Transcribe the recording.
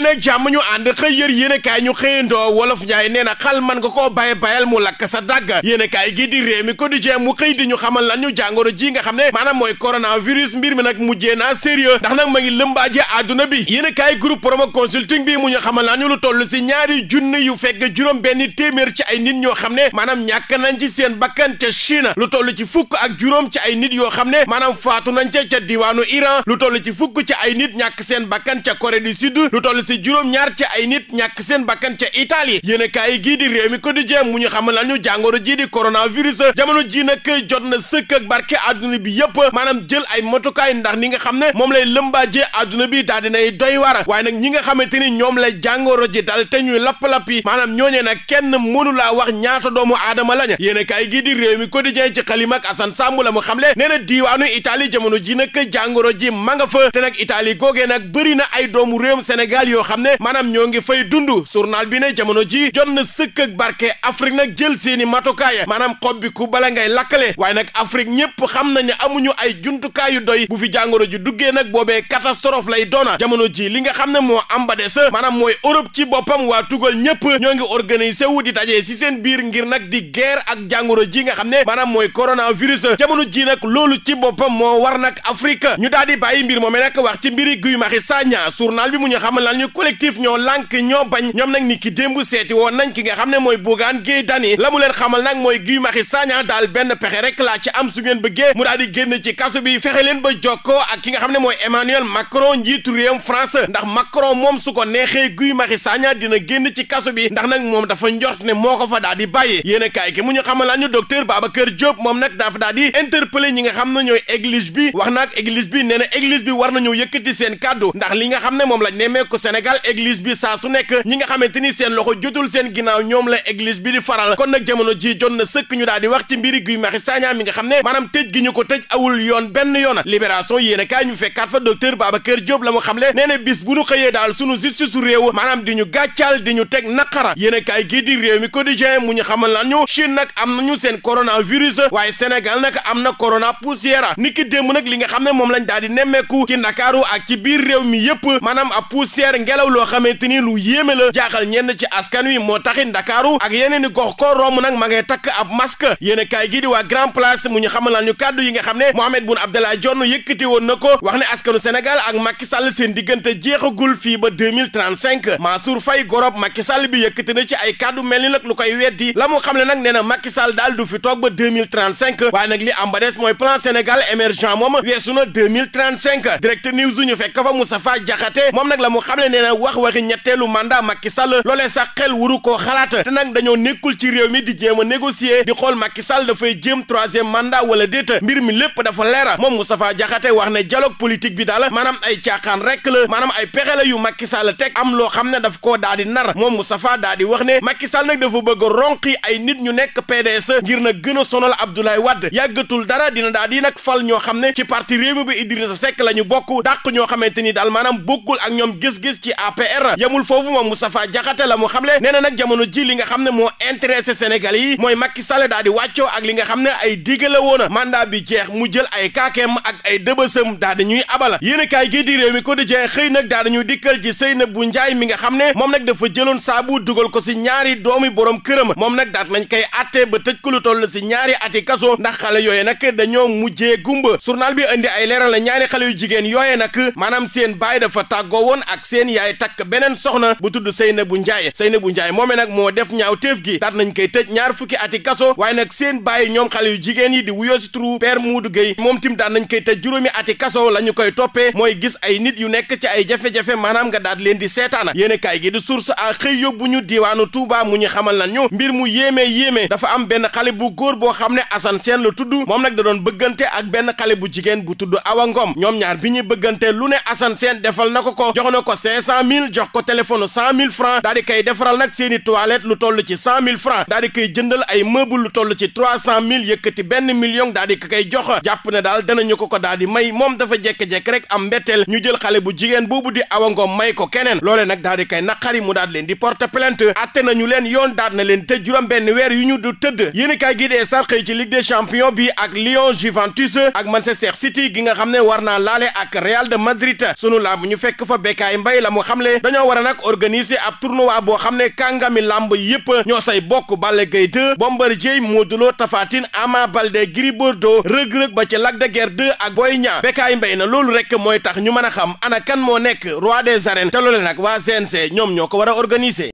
dalli nag jàmm ñu xëy yër yéenekaay ñu xëyandoo wolof njaay na xal man nga koo bay bayal mu lakk sa dàgg yéenekaay gi di réew mi quotidien mu ñu xamal lan ñu jàngoro ji nga xam ne maanaam mooy coronavirus mbir mi nag mujjee naa sérieux ndax nag ma ngi lëmbaaje àdduna bi yéenekaay groupe promo consulting bi mu ñu xamal lan ñu lu toll si ñaari junni yu fekk juróom benn téeméer ci ay nit ñoo xam ne maanaam ñàkk nañ ci seen bakkan ca Chine lu toll ci fukk ak juróom ci ay nit yoo xam ne maanaam faatu nañ ca ca diwaanu Iran lu toll ci fukk ci ay nit ñàkk seen bakkan ca Corée du Sud si juróom-ñaar ci ay nit ñàkk seen bakkan ca Italie yéen a kaay gii di réew mi ko di jéem mu ñu xamal la ñu jàngoro jii di coronavirus jamono ji nag jot na sëkk ak barke bi yëpp maanaam jël ay motukaay ndax ni nga xam ne moom lay lëmbaajee adduna bi daal dinay doy war waaye nag ñi nga xamante ni ñoom la jàngoro ji dal te ñuy lapp-lapp yi maanaam ñooñee nag kenn mënu laa wax ñaata doomu aadama laña yéen a kaay gii di réew mi quotidien ci xalima ak Assane Samb la mu xamle nee na diiwaanu Italie jamono ji nag jàngoro ji ma nga fa te nag Italie nag bëri na ay doomu réewum Sénégal yo yoo xam ne maanaam ñoo ngi fay dund journal bi ne jamono ji jot na sëkk ak barke Afrique nag jël seeni matukaay maanaam xob ku bala ngay lakkale waaye nag Afrique ñëpp xam nañu amuñu ay jumtukaay yu doy bu fi jàngoro ji duggee nag boobee catastrophe lay doona jamono ji li nga xam ne moo am ba des maanaam mooy Europe ci boppam waa tugal ñëpp ñoo ngi organiser wu di daje si seen biir ngir nag di guerre ak jàngoro ji nga xam ne maanaam mooy coronavirus jamono ji nag loolu ci boppam moo war nag Afrique ñu daal di bàyyi mbir moomee nag wax ci mbiri Guy Marius collectif ñoo lànk ñoo bañ ñoom nag ni ki démb seeti woon nañ ki nga xam ne mooy Bougane Gueye Dany la mu leen xamal nag mooy Guy Marius Sagna daal benn pexe rek laa ci am su ngeen bëggee mu daal di génn ci kaso bi fexe leen ba jokko ak ki nga xam ne mooy Emmanuel Macron njiitu réewum France ndax Macron moom su ko neexee Guy Marius Sagna dina génn ci kaso bi ndax nag moom dafa njort ne moo ko fa daal di bàyyee yéen a kaay ki mu ñu xamal ñu docteur Babacar Diop moom nag dafa daal di interpellé ñi nga xam ne ñooy église bi wax nag église bi nee na église bi war nañu yëkkati seen kàddu ndax li nga xam ne moom lañ nemmeeku Sénégal Sénégal église bi saa su nekk ñi nga xamante ni seen loxo jotul seen ginnaaw ñoom la église bi di faral kon nag jamono ji jot na sëkk ñu daal di wax ci mbiri Guy Marius Sagna mi nga xam ne maanaam tëj gi ñu ko tëj awul yoon benn yoon libération yéen a kaay ñu fekkaat fa docteur Babacar Diop la mu xam le nee na bis bu ñu xëyee daal ñu teg naqara yéen a kaay gii di réew mi mu ñu xamal lan ñu Chine nag am nañu seen coronavirus waaye Sénégal nag am na corona poussière niki démb nag li nga xam ne moom lañ daal di nemmeeku ci Ndakaaru ak ci biir mi yëpp maanaam a poussière ngelaw loo xamante ni lu yéeme la jaaxal ñenn ci askan wi moo taxit ndakaaru ak yeneen i gox koo romb nag ma ngay takk ab masque yéen kaay gi di waa grand place mu ñu xamal ñu kàddu yi nga xam ne Mohamed Boun Abdallah Dionne yëkkati woon na ko wax ne askanu Sénégal ak Macky Sall seen diggante jeexagul fii ba 2035 Mansour Faye gorob Macky Sall bi yëkkati na ci ay kàddu mel ni nag lu koy weddi la mu xam ne nag nee na Macky Sall daal du fi toog ba 2035 waaye nag li am ba des mooy plan Sénégal émergent moom weesu na 2035 direct news ñu fekk fa Moustapha moom nag la mu xam ne nee na wax waxi ñetteelu mandat Macky Sall loolee sax xel wuru koo xalaata te nag dañoo nekkul ci réew mi di jéem a négocier di xool Macky Sall dafay jéem troisième mandat wala déet mbir mi lépp dafa leera moom Moustapha Diakhaté wax ne dialogue politique bi daal maanaam ay caaxaan rek la maanaam ay pexe la yu Macky Sall teg am loo xam ne daf koo daa di nar moom Moustapha daa di wax ne Macky Sall nag dafa bëgg a ronqi ay nit ñu nekk PDS ngir na gën a sonal Abdoulaye Wade yàggatul dara dina daa di nag fal ñoo xam ne ci parti Rewmi bi Idrissa la ñu bokk dàq ñoo xamante ni daal maanaam bokkul ak ñoom gis ci APR yamul foofu moom Moustapha Diakhaté la mu xamle nee na nag jamono ji li nga xam ne moo intéressé Sénégal yi mooy Macky Sall daal di wàccoo ak li nga xam ne ay digale woon a mandat bi jeex mu jël ay kaakeem ak ay dëbësam daal di ñuy abal yéen a kaay gii di réew mi quotidien xëy nag daal di ñuy dikkal ci Seynabou njaay mi nga xam ne moom nag dafa jëloon saabu dugal ko si ñaari doomi borom këram moom nag daat nañ koy atte ba tëj ko lu toll si ñaari ati kaso ndax xale yooyu nag dañoo mujjee gumba journal bi indi ay leeral ñaari xale yu jigéen yooye nag maanaam seen baay dafa tàggoo woon ak seen yaay takk beneen soxna bu tudd Seynabou Ndiaye Seynabou Ndiaye moomee nag moo def ñaaw téef gi daat nañ koy tëj ñaar fukki ati kaso waaye nag seen bàyyi ñoom xale yu jigéen yi di wuyoo si turu père Moudou Gueye moom tim daat nañ koy tëj juróomi ati kaso la ñu koy toppee mooy gis ay nit yu nekk ci ay jafe-jafe maanaam nga daat leen di seetaana yéen kaay gi di source a xëy yóbbu ñu diiwaanu Touba mu ñu xamal lan ñu mbir mu yéemee yéeme dafa am benn xale bu góor boo xam ne Assane Sène la tudd moom nag da doon bëggante ak benn xale bu jigéen bu tudd Awa ñoom ñaar ñuy bëggante lu ne Assane Sène defal na ko ko cinq cent mille jox ko téléphone cent mille francs daa di koy defaral nag seen i toilette lu toll ci cent mille francs daa di koy jëndal ay meuble lu toll ci trois yëkkati benn million daa di ko koy jox jàpp ne daal danañu ko ko daa may moom dafa jekk-jekk rek am mbetteel ñu jël xale bu jigéen boobu di Awa Ngom may ko keneen loole nag daa di koy naqari mu daat leen di porte plainte atte nañu leen yoon daat na leen tëj juróom benn weer yu ñu du tëdd yéen kaay gi dee sar xëy ci Ligue des champions bi ak nga xam ne war naa laale ak Real de Madrid sunu làmb ñu fekk fa Bécaye Mbaye la la xam le dañoo war a nag organiser ab tournoi boo xam ne kàngami làmb yëpp ñoo say bokk Balla Gaye 2 Bombardier Modou Lo Tapha Tine Ama Baldé Gris Bordeaux Reug Reug ba ci Lac de Guiers 2 ak Boy Niang Bécaye Mbaye na loolu rek mooy tax ñu mën a xam ana kan moo nekk roi des arènes te loole nag waa CNG ñoom ñoo ko war a organiser